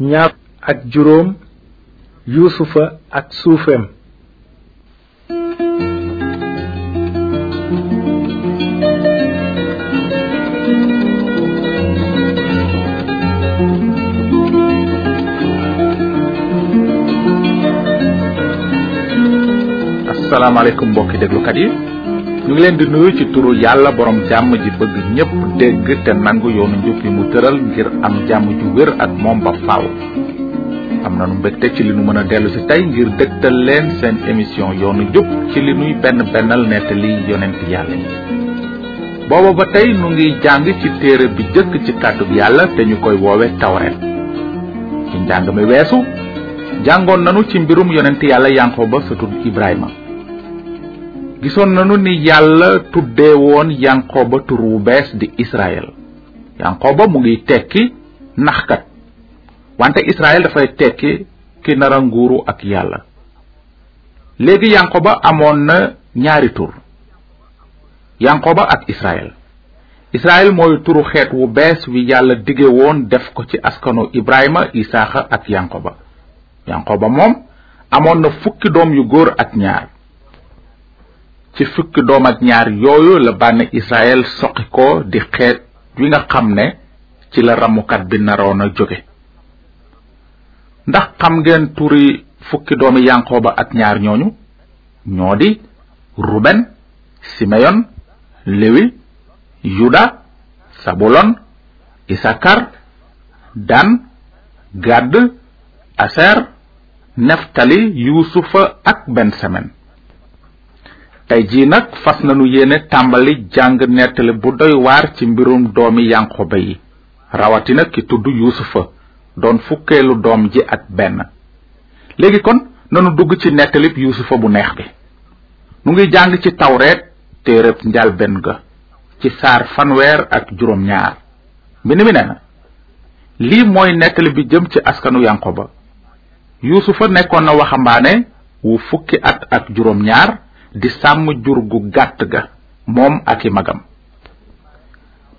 ñaar ak juróom yuusufa ak suufeem asalaamaaleykum mbokki déglukat yi ñu ngi leen di nuyu ci turu yàlla borom jàmm ji bëgg ñépp dégg te nangu yoonu njub yi mu tëral ngir am jàmm ju wér ak moom ba faaw am nanu mbégte ci li nu mën a dellu si tey ngir dëgtal leen seen émission yoonu njub ci li nuy benn bennal nettali yonent yàlla yi booba ba tey nu ngi jàng ci téere bi jëkk ci kàddub yàlla te ñu koy woowe tawret ci njàng mi weesu jàngoon nanu ci mbirum yonent yàlla yanqoo ba sëtu ibrahima gisoon nanu ni yàlla tuddee woon yanqooba tur wu bees di israel yanqooba mu ngi tekki naxkat wante israel dafay tekki ki nara nguuru ak yàlla léegi yanqooba amoon na ñaari tur yanqooba ak israel israel mooy turu xeet wu bees wi yàlla dige woon def ko ci askanu ibrahima isaaxa ak yanqooba yanqooba moom amoon na fukki doom yu góor ak ñaar ci fukki doom ak ñaar yooyu la bànn Israël soqi ko di xeet wi nga xam ne ci la ramukat bi naroon a jóge ndax xam ngeen turi fukki doomi yanqooba ak ñaar ñooñu ñoo di ruben simeyon lewi yuda sabulon isakar dan gad aser neftali yuusufa ak bensamen tey jii nag fas nanu yéene tàmbali jàng nettali bu doy waar ci mbirum doomi yanqoba yi rawatina ki tudd yuusufa doon fukkeelu doom ji ak benn léegi kon nanu dugg ci nettalib yuusufa bu neex bi nu ngi jàng ci tawreet téereb njalben ga ci saar fanweer ak juróom ñaar mbind mi lii mooy nettali bi jëm ci askanu yanqoba yuusufa nekkoon na waxambaane wu fukki at ak juróom ñaar di sàmm jur gu gàtt ga moom ak i magam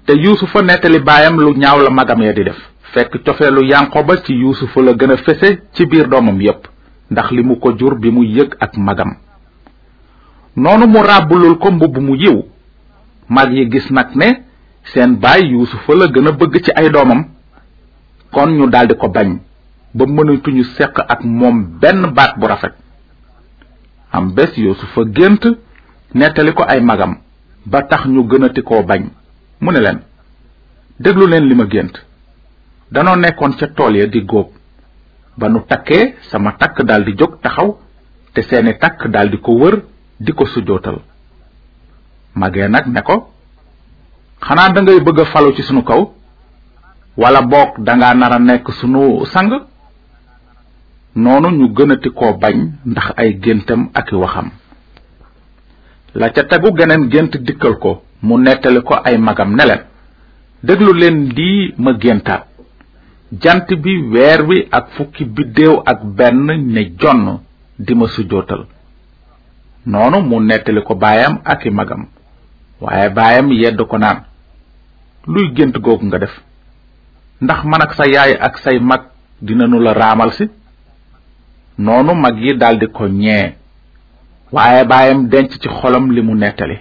te yuusufa nettali baayam lu ñaaw la magam ya di def fekk cofeelu yanqoba ci yuusufa la gën a fese ci biir doomam yépp ndax li mu ko jur bi mu yëg ak magam noonu mu ràbbulul ko mbubb mu yiw mag yi gis nag ne seen baay yuusufa la gën a bëgg ci ay doomam kon ñu daldi ko bañ ba mënatuñu seq ak moom benn baat bu rafet am bés yuusufa gént nettali ko ay magam ba tax ñu gënati koo bañ mu ne leen déglu leen li ma gént danoo nekkoon ca tool ya di góob ba nu takkee sama takk daldi jóg taxaw te seeni takk daldi ko wër di ko sujootal magee nag ne ko xanaa dangay bëgg a falu ci sunu kaw wala boog danga nar a nekk sunu sang noonu ñu gënati koo bañ ndax ay géntam ak i waxam la ca tegu geneen gént dikkal ko mu nettali ko ay magam ne leen déglu leen lii ma géntaat jant bi weer wi ak fukki biddéew ak benn ne jonn di ma sujjootal noonu mu nettali ko baayam ak i magam waaye baayam yedd ko naan luy gént googu nga def ndax man ak sa yaay ak say mag dina nu la raamal si noonu mag yi daldi ko ñee waaye baayam denc ci xolam li mu nettali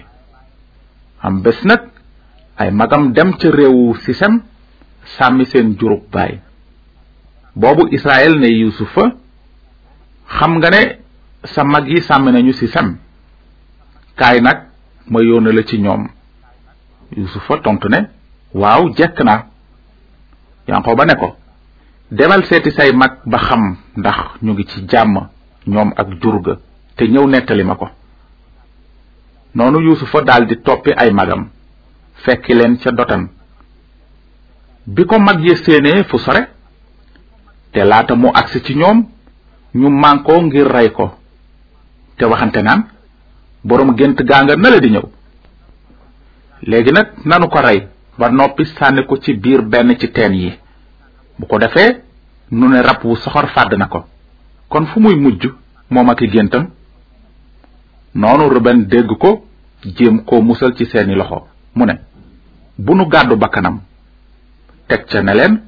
am bés nag ay magam dem ca réewu sisem sàmmi seen jurub baay boobu israel ne yusufa xam nga ne sa mag yi sàmmi nañu sisem kaay nag ma yónne la ci ñoom yusufa tontu ne waaw jekk na yanqoo ba ko demal seeti say mag ba xam ndax ñu ngi ci jàmm ñoom ak jur te ñëw nettali ma ko noonu yuusufa daldi toppi ay magam fekki leen ca dotan bi ko mag ya séenee fu sore te laata mu agsi ci ñoom ñu mànkoo ngir rey ko te waxante naan boroom gént gaa nga na la di ñëw léegi nag nanu ko rey ba noppi sànni ko ci biir benn ci teen yi bu ko defee nu ne rab wu soxor fàdd na ko kon fu muy mujj moom ak géntam noonu ruben dégg ko jéem ko musal ci seeni loxo mu ne bu nu gàddu bakkanam teg ca ne leen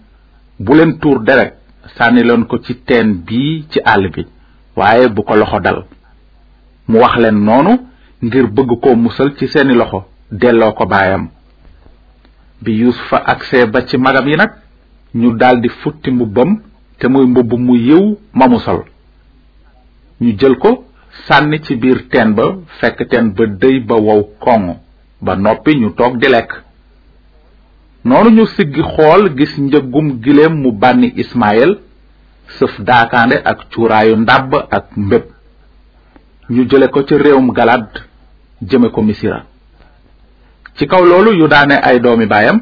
bu leen tuur derek sànni leen ko ci teen bii ci àll bi waaye bu ko loxo dal mu wax leen noonu ngir bëgg ko musal ci seeni loxo delloo ko baayam bi yuusufa agsee ba ci magam yi nag ñu daldi futti mbubbam te muy mbubb mu yiw mamu sol ñu jël ko sànni ci biir teen ba fekk teen ba dëy ba wow koŋ ba noppi ñu toog di lekk noonu ñu siggi xool gis njëggum giléem mu bànni Ismaël sëf daakaande ak cuuraayu ndàbb ak mbéb ñu jële ko ci réewum galaat jëme ko Misira ci kaw loolu yu daane ay doomi baayam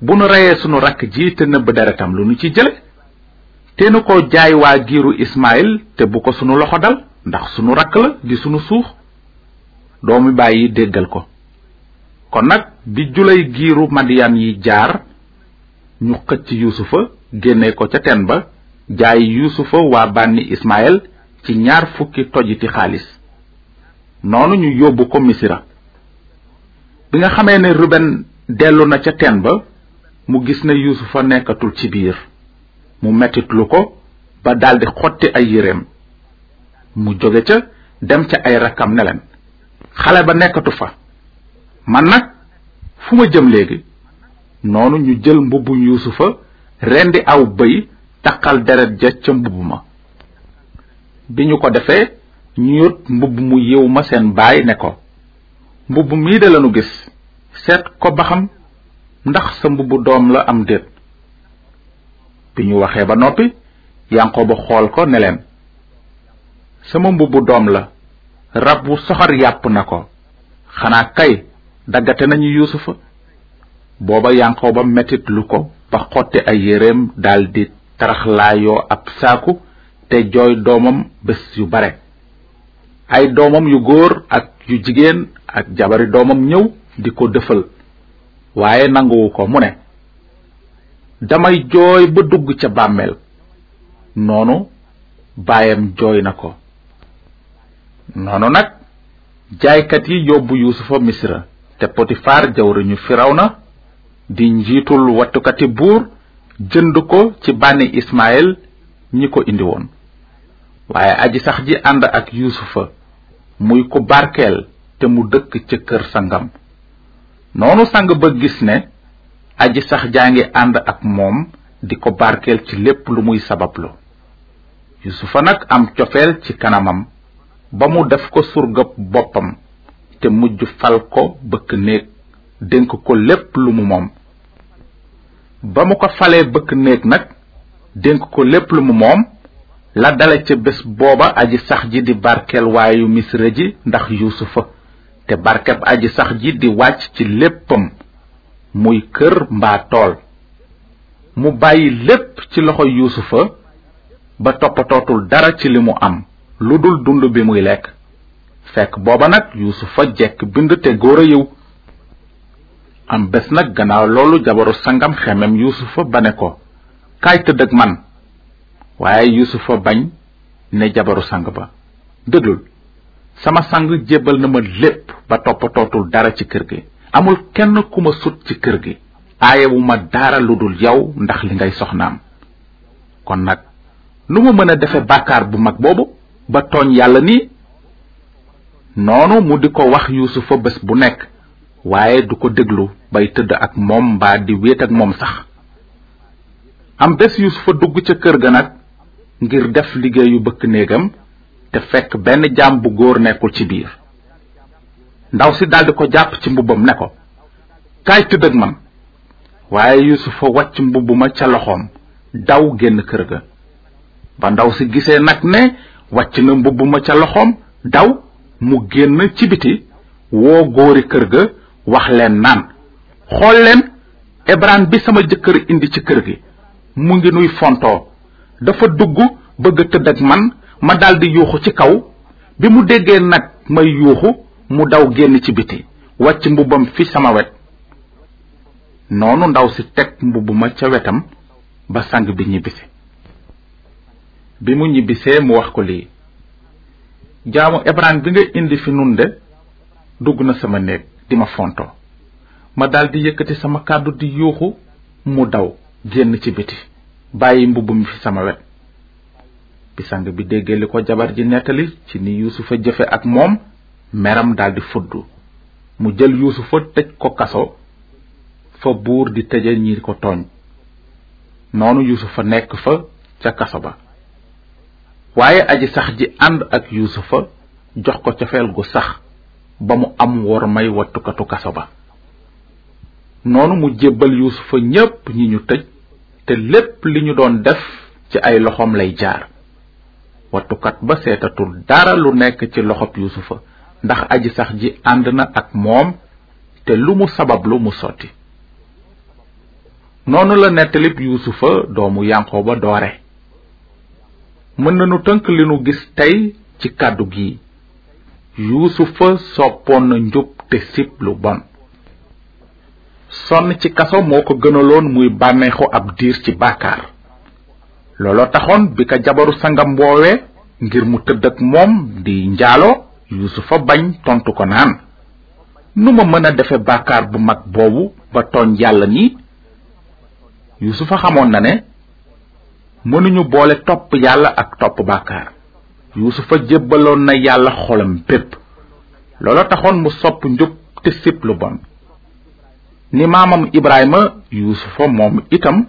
bu nu reyee sunu rakk ji te nëbb tam lu nu ci jële te nu ko jaay waa giiru Ismaayil te bu ko sunu loxo dal ndax sunu rakk la di sunu suux doomu baay yi déggal ko kon nag bi julay giiru madiyaan yi jaar ñu xëcc yuusufa génne ko ca teen ba jaay yuusufa waa bànni Ismaayil ci ñaar fukki tojiti xaalis noonu ñu yóbbu ko Misira bi nga xamee ne Ruben dellu na ca teen ba mu gis ne yuusufa nekkatul ci biir mu mettitlu ko ba daldi xotti ay yéreem mu jóge ca dem ca ay rakkam ne xale ba nekkatu fa man nag fu ma jëm léegi noonu ñu jël mbubb mbubbum yuusufa di aw bëy taqal deret ja ca mbubb ma bi ñu ko defee ñu yot mbubb mu yiw ma seen baay ne ko mbubb mii de lanu gis seet ko ba xam ndax sa mbubb doom la am déet bi ñu waxee ba noppi yanqooba xool ko ne leen sama mbubbu doom la rab wu soxor yàpp na ko xanaa kay daggate nañu yuusufa booba yanqooba metit lu ko ba xotte ay yéreem daldi taraxlaayoo ab saaku te jooy doomam bés yu bare ay doomam yu góor ak yu jigéen ak jabari doomam ñëw di ko dëfal waaye nanguwu ko mu ne damay jooy ba dugg ca bàmmeel noonu baayam jooy na ko noonu nag jaaykat yi yóbbu yuusufa misra te potifaar jawriñu na di njiitul wattukati buur jënd ko ci bànni ismael ñi ko indi woon waaye aji sax ji ànd ak yuusufa muy ku barkeel te mu dëkk ca kër sangam noonu sang ba gis ne aji sax jaa ngi ànd ak moom di ko barkeel ci lépp lu muy sabablu yusufa nag am cofeel ci kanamam ba mu def ko surgab boppam te mujj fal ko bëkk néeg dénk ko lépp lu mu moom ba mu ko falee bëkk néeg nag dénk ko lépp lu mu moom la dale ca bés booba aji sax ji di barkeel waayu misra ji ndax yusufa te barkeb aji sax ji di wàcc ci léppam muy kër mbaa tool mu bàyyi lépp ci loxo yuusufa ba toppatootul dara ci li mu am lu dul dund bi muy lekk fekk booba nag yuusufa jekk bind te góor a yiw am bés nag gannaaw loolu jabaru sangam xemem yuusufa ba ne ko kaay tëdd man waaye yuusufa bañ ne jabaru sang ba déglul sama sang jébbal na ma lépp ba toppatootul dara ci kër gi amul kenn ku ma sut ci kër gi aaye aayewu ma dara lu dul yow ndax li ngay soxnaam kon nag nu ma mën a defe bàkkaar bu mag boobu ba tooñ yàlla ni noonu mu di ko wax yuusufa bés bu nekk waaye du ko déglu bay tëdd ak moom mbaa di wéet ak moom sax am bés yuusufa dugg ca kër ga nag ngir def liggéeyu bëkk néegam fekk benn jaam bu góor nekkul ci biir ndaw si daldi ko jàpp ci mbubbam ne ko kaay tëdd ak man waaye yusufa wàcc mbubb ma ca loxoom daw génn kër ga ba ndaw si gisee nag ne wacc na mbubb ma ca loxoom daw mu génn ci biti woo góori kër ga wax leen naan xool leen ebran bi sama jëkkër indi ci kër gi mu ngi nuy fontoo dafa dugg bëgg tëdd man ma daldi yuuxu ci kaw bi mu déggee nag may yuuxu mu daw génn ci biti wàcc mbubbam fi sama wet noonu ndaw si teg mbubb ma ca wetam ba sang bi ñibbisi bi mu ñibbisee mu wax ko lii jaamu Ibrahima bi nga indi fi nun de dugg na sama néeg di ma fontoo ma daldi yëkkati sama kàddu di yuuxu mu daw génn ci biti bàyyi mbubb mi fi sama wet bi sang bi déggee li ko jabar ji nettali ci ni yuusufa jëfe ak moom meram daldi fudd mu jël yuusufa tëj ko kaso fa buur di tëje ñi ko tooñ noonu yuusufa nekk fa ca kaso ba waaye aji sax ji ànd ak yuusufa jox ko cofeel gu sax ba mu am wor may wattukatu kaso ba noonu mu jébbal yuusufa ñépp ñi ñu tëj te lépp li ñu doon def ci ay loxoom lay jaar wattukat ba seetatul dara lu nekk ci loxob yusufa ndax aji sax ji ànd na ak moom te lu mu sabablu mu sotti noonu la nettalib yuusufa doomu yanqooba doore mën nañu tënk li nu gis tey ci kàddu gi yuusufa soppoon na njub te sib lu bon sonn ci kaso moo ko gënaloon muy bànneexu ab diir ci bàkkaar looloo taxoon bi ko jabaru sangam ngir mu tëdd ak moom di njaaloo yusufa bañ tontu ko naan nu ma mën a defe bàkkaar bu mag boobu ba tooñ yàlla ni yusufa xamoon na ne mënuñu boole topp yàlla ak topp bàkkaar yusufa jébbaloon na yàlla xolam bépp looloo taxoon mu sopp njub te sib lu bon ni maamam ibrahima yusufa moom itam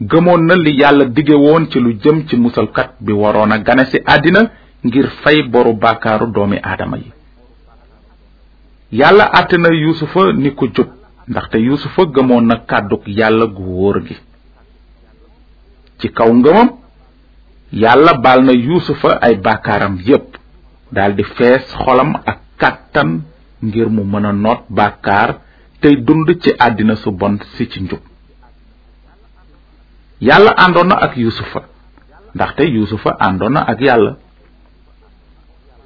gëmoon na li yàlla dige woon ci lu jëm ci musalkat bi waroon a gane ci àddina ngir fay boru bàkkaaru doomi aadama yi yàlla àtte na yuusufa ni ko jub ndaxte yuusufa gëmoon na kàddug yàlla gu wóor gi ci kaw ngëmam yàlla baal na yuusufa ay bàkkaaram yépp daldi fees xolam ak kàttan ngir mu mën a noot bàkkaar tey dund ci àddina su bon si ci njub yàlla àndoon na ak yuusufa ndaxte yuusufa àndoon na ak yàlla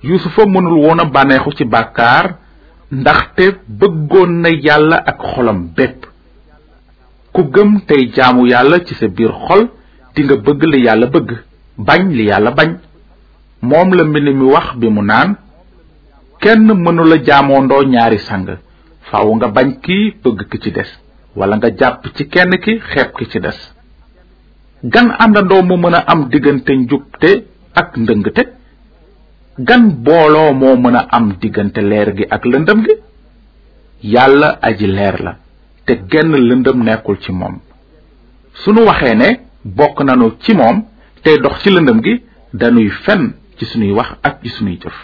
yuusufa mënul woon a ci ci bàkkaar te bëggoon na yàlla ak xolam bépp ku gëm tey jaamu yàlla ci sa biir xol di nga bëgg li yàlla bëgg bañ li yàlla bañ moom la mbind mi wax bi mu naan kenn mënula jaamoondoo ñaari sang faaw nga bañ ki bëgg ki ci des walla nga jàpp ci kenn ki xeeb ki ci des gan àndandoo mu mën a am diggante njubte ak ndëngte gan booloo moo mën a am diggante leer gi ak lëndëm gi yàlla aji leer la te genn lëndëm nekkul ci moom sunu waxee ne bokk nanu ci moom tey dox ci lëndëm gi danuy fen ci sunuy wax ak ci sunuy jëf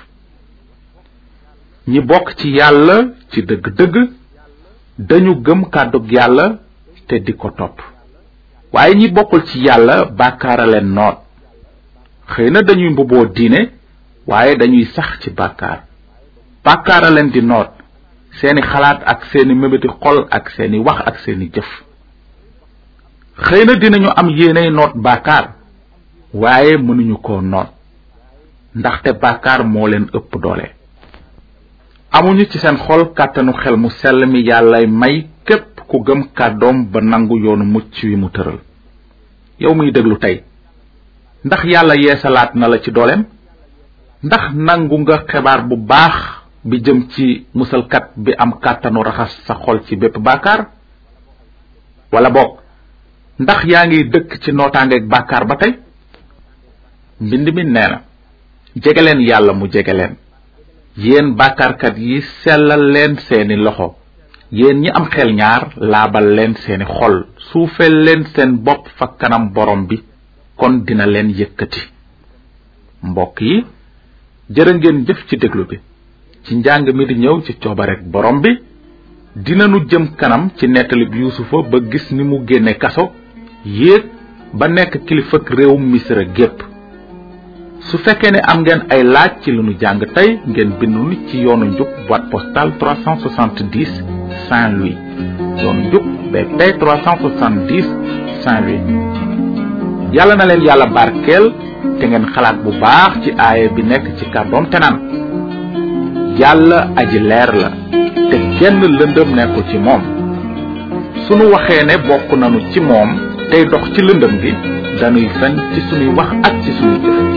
ñi bokk ci yàlla ci dëgg-dëgg dañu gëm kàddug yàlla te di ko topp waaye ñi bokkul ci yàlla bàkkaara leen noot xëy na dañuy mbubboo diine waaye dañuy sax ci bàkkaar bàkkaara leen di noot seeni xalaat ak seeni mébéti xol ak seeni wax ak seeni jëf xëy na dinañu am yéeney noot bàkkaar waaye mënuñu ko noot ndaxte bàkkaar moo leen ëpp doole amuñu ci seen xol kàttanu xel mu sell mi yàlla may képp ku gëm kàddoom ba nangu yoonu mucc wi mu tëral yow muy déglu tey ndax yàlla yeesalaat na la ci dooleem ndax nangu nga xibaar bu baax bi jëm ci musalkat bi am kàttanu raxas sa xol ci bépp baakaar wala boog ndax yaa ngi dëkk ci nootaangeeg baakaar ba tey mbind mi nee na jegeleen yàlla mu jege leen yéen baakaarkat yi sellal leen seeni loxo yéen ñi am xel ñaar laabal leen seeni xol suufeel leen seen bopp fa kanam borom bi kon dina leen yëkkati mbokk yi jërë ngeen jëf ci déglu bi ci njàng mi di ñëw ci coobarek borom bi dinanu jëm kanam ci nettalib yuusufa ba gis ni mu génne kaso yéeg ba nekk kilifak réew misra gépp su fekkee ne am ngeen ay laaj ci li nu jàng tey ngeen bindu ni ci yoonu njub boîte postale 370 Saint-Louis doon jug BP 370 yàlla na leen yàlla barkeel te ngeen xalaat bu baax ci aaya bi nekk ci kàddoom te naan yàlla aji leer la te kenn lëndëm nekkul ci moom sunu waxee ne bokk nanu ci moom tey dox ci lëndëm gi dañuy fen ci sunuy wax ak ci sunuy jëf